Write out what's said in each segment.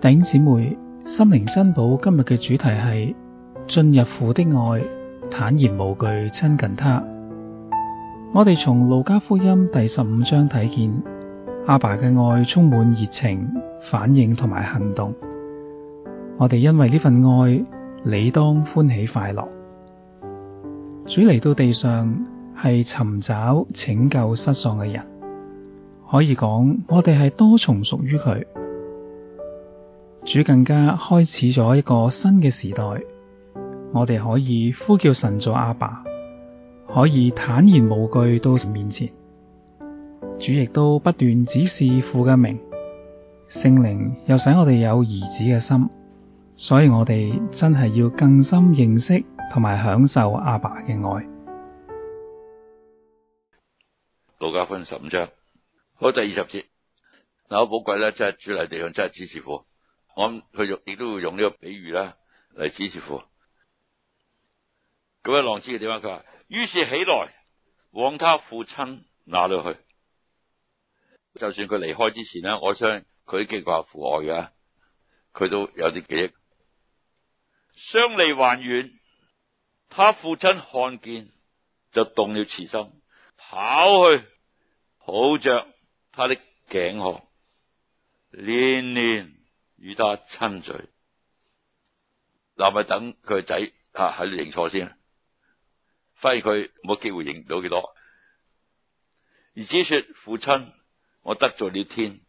頂姊妹，心靈珍寶今日嘅主題係進入父的愛，坦然無懼親近他。我哋從路加福音第十五章睇見阿爸嘅愛充滿熱情、反應同埋行動。我哋因為呢份愛，理當歡喜快樂。主嚟到地上係尋找拯救失喪嘅人，可以講我哋係多重屬於佢。主更加開始咗一個新嘅時代，我哋可以呼叫神做阿爸，可以坦然無懼到神面前。主亦都不斷指示父嘅名，聖靈又使我哋有兒子嘅心，所以我哋真係要更深認識同埋享受阿爸嘅愛。路加福音十五章，好第二十節，嗱，寶貴咧，真係主嚟地上，真係指示父。我諗佢亦都會用呢個比喻啦，嚟指示父。咁啊！浪子嘅點解？佢話，於是起來往他父親那裡去。就算佢離開之前呢，我相信佢都經過父愛嘅，佢都有啲記憶。相離還遠，他父親看見，就動了慈心，跑去抱著他的頸項，連連。與他親嘴，嗱，咪等佢個仔吓喺度認錯先，發現佢冇機會認到幾多。兒子說：父親，我得罪了天，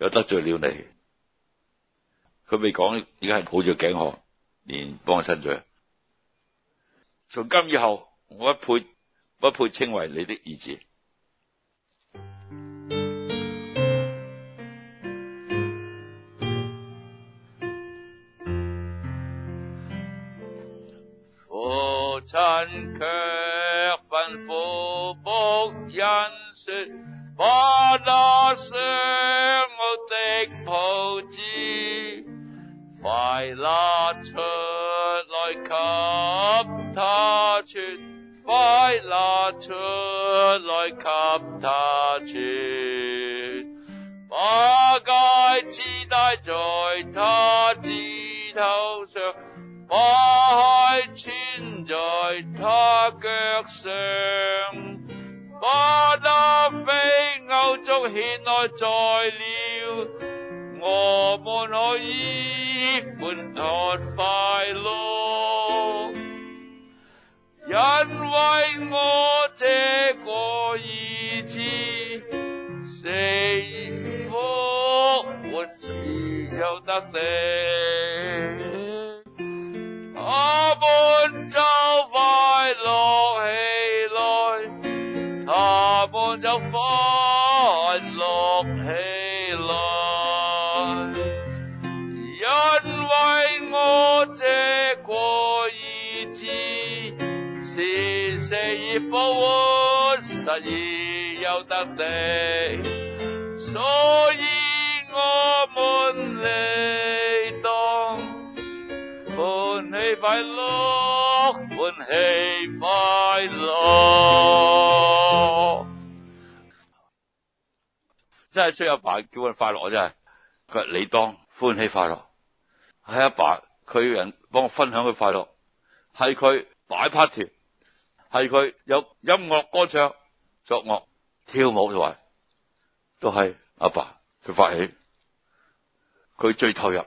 又得罪了你。佢未講，而家係抱住頸項，連幫親嘴。」從今以後，我一配，不配稱為你的兒子。說：把那上好的袍子快拿出來給他穿，快拿出來給他穿。把戒指戴在他指頭上，把鞋穿在他腳上。把都氣內在了，我們可以吃喝快樂，因為我這個兒子，是死而復活，失而又得的。失而又得的，所以我們理當歡喜快樂，歡喜快樂。真係需要阿爸叫佢快樂，我真係。佢話理當歡喜快樂，係阿爸，佢人幫我分享佢快樂，係佢擺 party，係佢有音樂歌唱。作樂跳舞同話都係阿爸佢發起，佢最投入，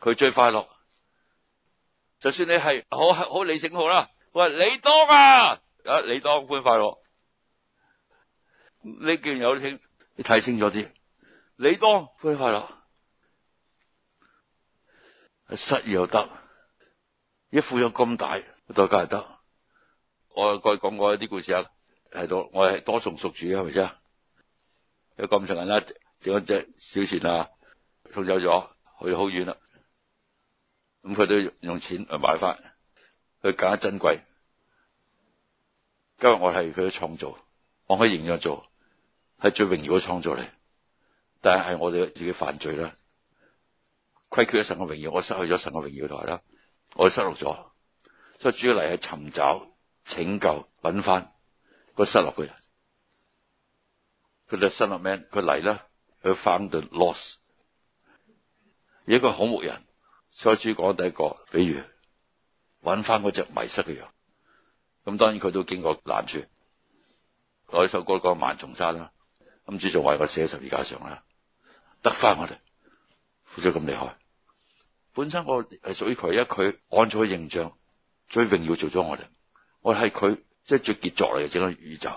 佢最快樂。就算你係好好理性好啦，喂，理當啊，啊理當歡快樂，你既然有請，你睇清楚啲，理當歡快樂，失而又得，付出咁大，代價又得。我再講過一啲故事啊。係多，我係多重屬主，係咪先？有咁長人啦，整咗隻小船啊，送走咗去好遠啦。咁佢都用錢嚟買翻，去更加珍貴。今日我係佢嘅創造，我可以形象做係最榮耀嘅創造嚟，但係我哋自己犯罪啦，虧缺咗神嘅榮耀，我失去咗神嘅榮耀台啦，我失落咗。所以主要嚟係尋找、拯救、揾翻。個失落嘅人，佢就失落名。佢嚟啦，佢 found the loss。一個好牧人，在主講第一個比喻搵翻嗰隻迷失嘅羊。咁當然佢都經過難處。首歌我上過個萬重山啦。咁主仲話個寫十字架上啦，得翻我哋，付咗咁厲害。本身我係屬於佢一佢按咗形象，最榮耀做咗我哋，我係佢。即係最傑作嚟嘅整個宇宙，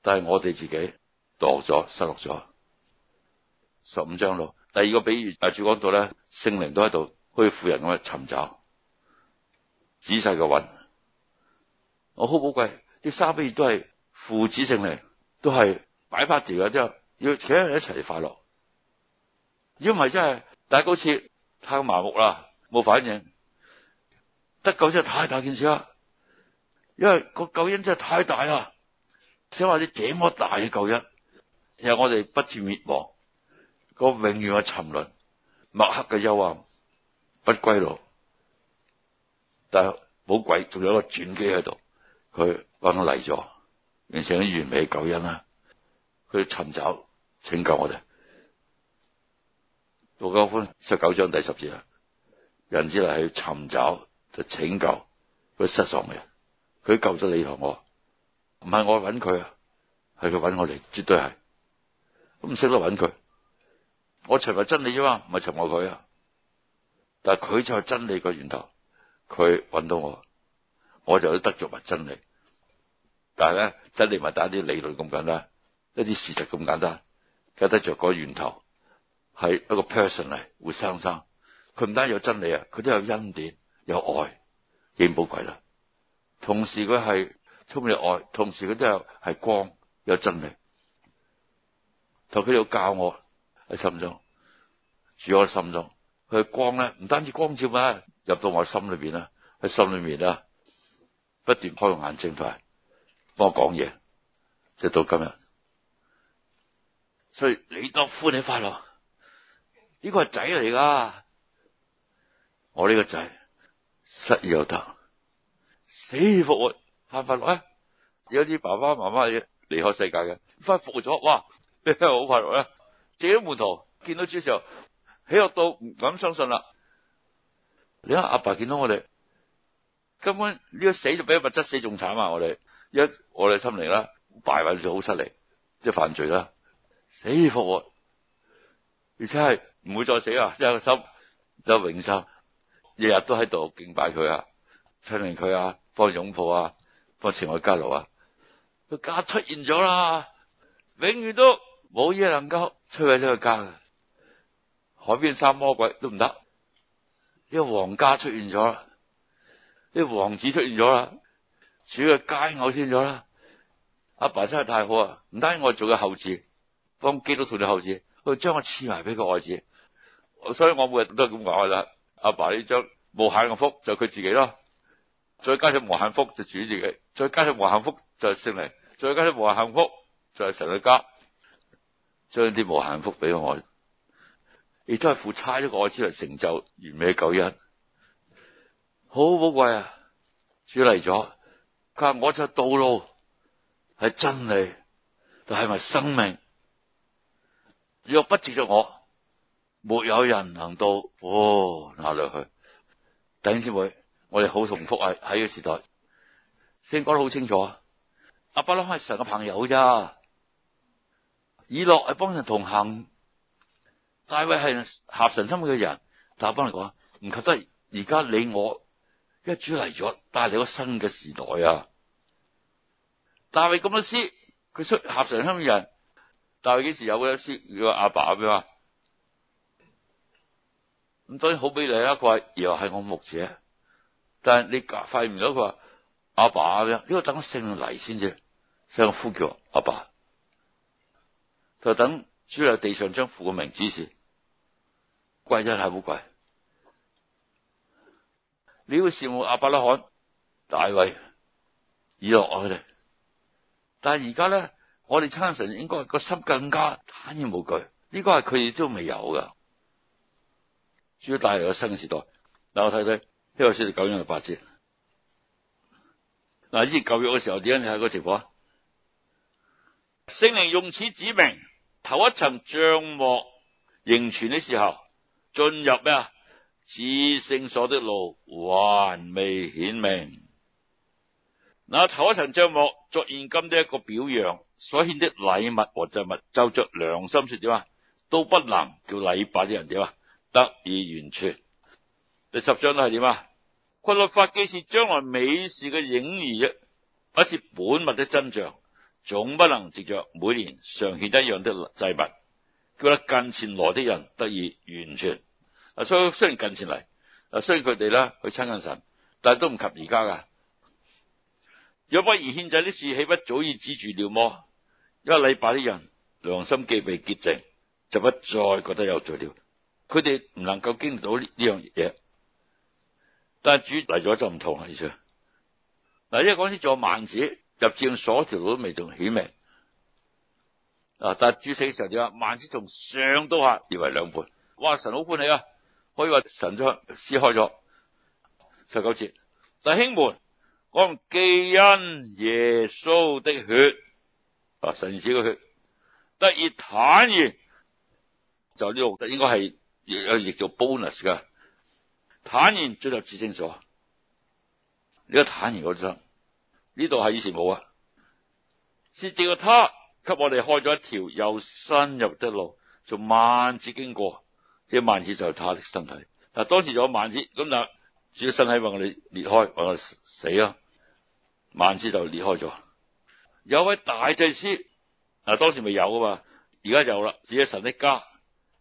但係我哋自己墮咗、失落咗十五章咯。第二個比喻大主講到咧，聖靈都喺度好似婦人咁尋找、仔細嘅揾，我好寶貴啲。三篇都係父子聖靈都係擺發條嘅，之後，要其他人一齊快樂。如果唔係真係，但係嗰次太麻木啦，冇反應得救真係太大件事啦。因為個救恩真係太大啦，想話你這麼大嘅救恩，然後，我哋不至滅亡，個永遠嘅沉淪、默黑嘅幽暗不歸路。但係冇鬼，仲有一個轉機喺度，佢我嚟咗，完成咗完美嘅救恩啦。佢尋找拯救我哋，路加福音十九章第十節啊，人子嚟係去尋找，就拯救佢失喪嘅。佢救咗你同我，唔係我揾佢啊，係佢揾我嚟，絕對係。都唔識得揾佢，我尋覓真理啫嘛，唔係尋覓佢啊。但係佢就係真理個源頭，佢揾到我，我就得着埋真理。但係咧，真理咪打啲理論咁簡單，一啲事實咁簡單，而得着嗰源頭係一個 person 嚟，活生生。佢唔單有真理啊，佢都有恩典，有愛，已經寶貴啦。同時佢係充滿愛，同時佢都係係光，有真理，同佢要教我喺心中住我心中。佢光咧唔單止光照啊，入到我心裏邊啦，喺心裏面啦，不斷開用眼睛都係，幫我講嘢，直到今日。所以你多歡喜快樂，呢個係仔嚟㗎，我呢個仔失而又得。死而復活，嘆快樂啊！有啲爸爸媽媽離離開世界嘅，快復活咗，哇！你好快樂啊！借到門徒，見到主時候，喜悅到唔敢相信啦！你睇阿爸見到我哋，根本呢個死就比物質死仲慘啊！我哋一我哋心靈啦，敗壞就好失靈，即係犯罪啦，死而復活，而且係唔會再死啊！即係心有永生，日日都喺度敬拜佢啊！親近佢啊，幫擁抱啊，幫前愛交流啊，個家出現咗啦，永遠都冇嘢能夠摧毀呢個家嘅。海邊三魔鬼都唔得，呢、這個皇家出現咗啦，這個王子出現咗啦，主要街口先咗啦。阿爸真係太好啊，唔單我做嘅后子，幫基督徒嘅后子，佢將我黐埋俾個愛子。所以我每日都係咁講嘅啦。阿爸呢張無限嘅福就佢自己咯。再加上無限福就是主自己，再加上無限福就是勝利，再加上無限福就係神嘅家，將啲無限福俾我，亦都係父差一個我先嚟，成就完美嘅救恩，好寶貴啊！主嚟咗，佢話我就係道路係真理，但係咪生命？若不接住我，沒有人能到哦那裡去？頂先妹。我哋好重複啊！喺呢個時代，先講得好清楚。阿伯拉罕係神嘅朋友咋？以諾係幫神同行，大衛係合神心意嘅人。但係返嚟講，唔及得而家你我。而家主嚟咗，帶嚟個新嘅時代啊！大衛咁多詩，佢出合神心意嘅人。大衛幾時有嘅詩？如果阿爸咁樣啊？咁所以好美麗啦。佢又係我牧者。但係你發現到佢話阿爸嘅，呢、這個等聖靈嚟先至，先呼叫阿爸，爸，就等主喺地上將父嘅名指示，貴真係好貴。你要羨慕阿伯拉罕、大衛、以諾佢哋，但係而家咧，我哋親近神應該個心更加坦然無懼，呢、這個係佢哋都未有噶。主帶嚟個新時時代，嗱我睇睇。因為說到九章係八節。嗱，以前舊約嘅時候點樣睇嗰個情況啊？聖靈用此指明，頭一層帳幕仍存的時候，進入咩啊？至聖所的路還未顯明。嗱，頭一層帳幕作現今的一個表樣，所獻的禮物和祭物，就着良心說點啊？都不能叫禮拜啲人點啊？得以完全。第十章都係點啊？律法既是將來美事嘅影兒，不是本物的真像，總不能藉着每年常獻一樣的祭物，叫得近前來的人得以完全。啊，雖雖然近前嚟，啊雖然佢哋啦去親近神，但係都唔及而家噶。若不然獻祭啲事，豈不早已止住了麼？因為禮拜啲人良心既被潔淨，就不再覺得有罪了。佢哋唔能夠經歷到呢呢樣嘢。但主嚟咗就唔同啦，意思嗱，因為嗰陣時仲有幔子入至聖所條路都未仲顯明啊，但主死嘅時候就話幔子從上到下裂為兩半，哇！神好歡喜啊，可以話神將撕開咗十九節弟兄們講既因耶穌的血啊，神子嘅血得以坦然，就呢個應該係有亦做 bonus 噶。坦然進入至聖所，呢、這個坦然講真，呢度係以前冇啊。係藉著他給我哋開咗一條又新又活的路，從幔子經過，即係幔子就係他的身體。嗱，當時仲有幔子，咁嗱，主嘅身體為我哋裂開，讓我哋死咯，幔子就裂開咗。有位大祭司，嗱，當時咪有啊嘛，而家有啦，治理神的家。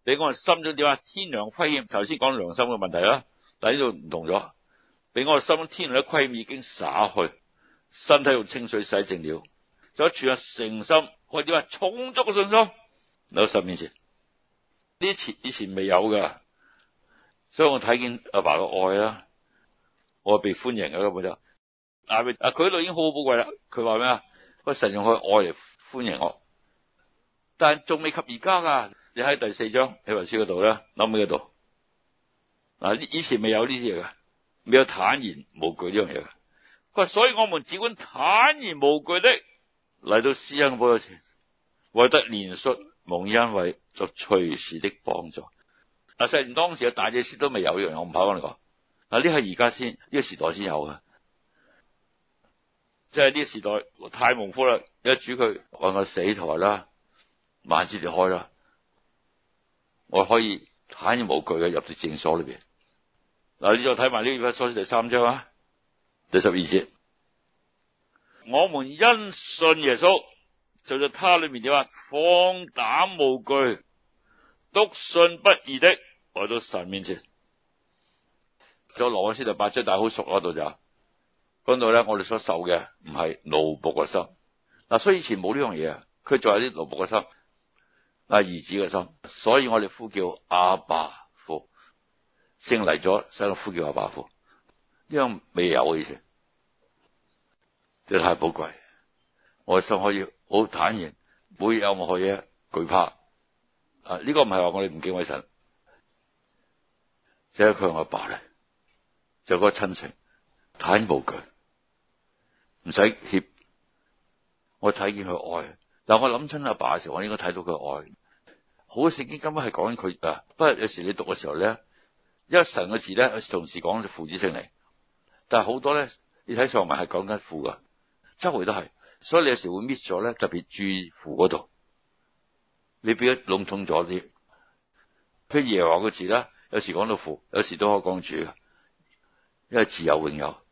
你講心中點啊？天良虧欠，頭先講良心嘅問題啦。但呢度唔同咗，俾我的心天良嘅虧欠已經灑去，身體用清水洗淨了，就存下誠心，我點啊充足嘅信心。嚟到神面前，呢前以前未有噶，所以我睇見阿爸嘅愛啊，我被歡迎嘅根本就，啊被佢呢度已經好寶貴啦。佢話咩啊？個神用佢愛嚟歡迎我，但仲未及而家噶。你喺第四章喺文書嗰度啦，冧尾嗰度。嗱，以前未有呢啲嘢噶，未有坦然無懼呢樣嘢噶。佢話，所以我們只管坦然無懼的嚟到施恩嘅寶座前，為得憐恤蒙恩惠作隨時的幫助。嗱、嗯，雖、啊、然當時嘅大祭司都未有呢樣，我唔怕同你講。嗱、啊，呢係而家先呢個時代先有噶，即係呢個時代我太蒙福啦。一煮佢揾個死台啦，幔子裂開啦，我可以。坦然無懼嘅入到聖所裏邊。嗱，你再睇埋呢一 p 書，第三章啊，第十二節，我們因信耶穌，就在他裏面點啊？放膽無懼，篤信不疑的來到神面前。咁羅文詩就八章，但係好熟嗰度就，嗰度咧，我哋所受嘅唔係奴僕嘅心。嗱，所以以前冇呢樣嘢啊，佢仲有啲奴僕嘅心。阿兒子嘅心，所以我哋呼叫阿爸父，先嚟咗，先呼叫阿爸父，呢樣未有嘅意思，即係太寶貴，我個心可以好坦然，冇任何嘢懼怕。啊，呢、這個唔係話我哋唔敬畏神，即係佢係我阿爸咧，就嗰個親情，坦無懼，唔使怯，我睇見佢愛。但我諗親阿爸嘅時候，我應該睇到佢愛。好多聖經根本係講緊佢啊，不過有時你讀嘅時候咧，一神嘅字咧有時同時講住父子性嚟，但係好多咧，你睇上文係講緊父噶，周圍都係，所以你有時會 miss 咗咧，特別注意父嗰度，你變佢籠統咗啲。譬如耶和華嘅字咧，有時講到父，有時都可講主，因為自有永有。